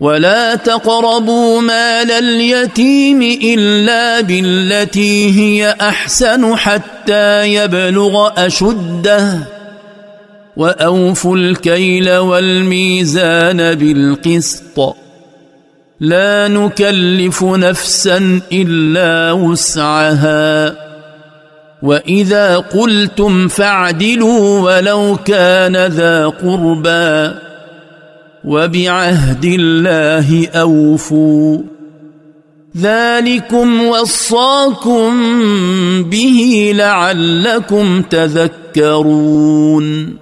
ولا تقربوا مال اليتيم الا بالتي هي احسن حتى يبلغ اشده واوفوا الكيل والميزان بالقسط لا نكلف نفسا الا وسعها واذا قلتم فاعدلوا ولو كان ذا قربى وبعهد الله اوفوا ذلكم وصاكم به لعلكم تذكرون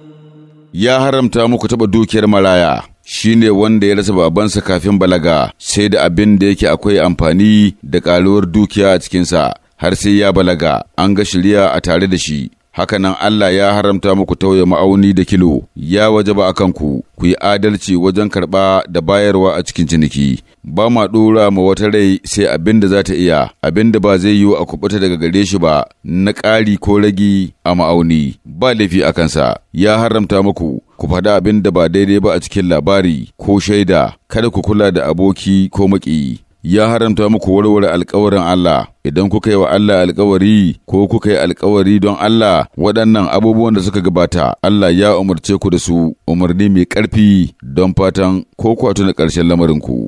ya haramta muku taɓa dukiyar maraya shine wanda ya rasa babansa kafin balaga sai da abin da yake akwai amfani da ƙaruwar dukiya a cikinsa har sai ya balaga an ga shirya a tare da shi hakanan Allah ya haramta muku tauye ma'auni da kilo, ya wajaba a kanku, ku yi adalci wajen karɓa da bayarwa a cikin ciniki, ba ma ɗora ma wata rai sai abin da za ta iya, abin da ba zai yiwu a kuɓuta daga gare shi ba, na ƙari ko ragi a ma'auni, ba laifi a kansa, ya haramta muku. Ku faɗa abin da ba daidai ba a cikin labari ko shaida, kada ku kula da aboki ko maƙi. ya haramta muku warware alkawarin Allah, idan kuka yi wa Allah alkawari ko kuka yi alkawari don Allah waɗannan abubuwan da suka gabata, Allah ya umarce ku da su umarni mai ƙarfi don fatan ko kwatu na ƙarshen lamarinku.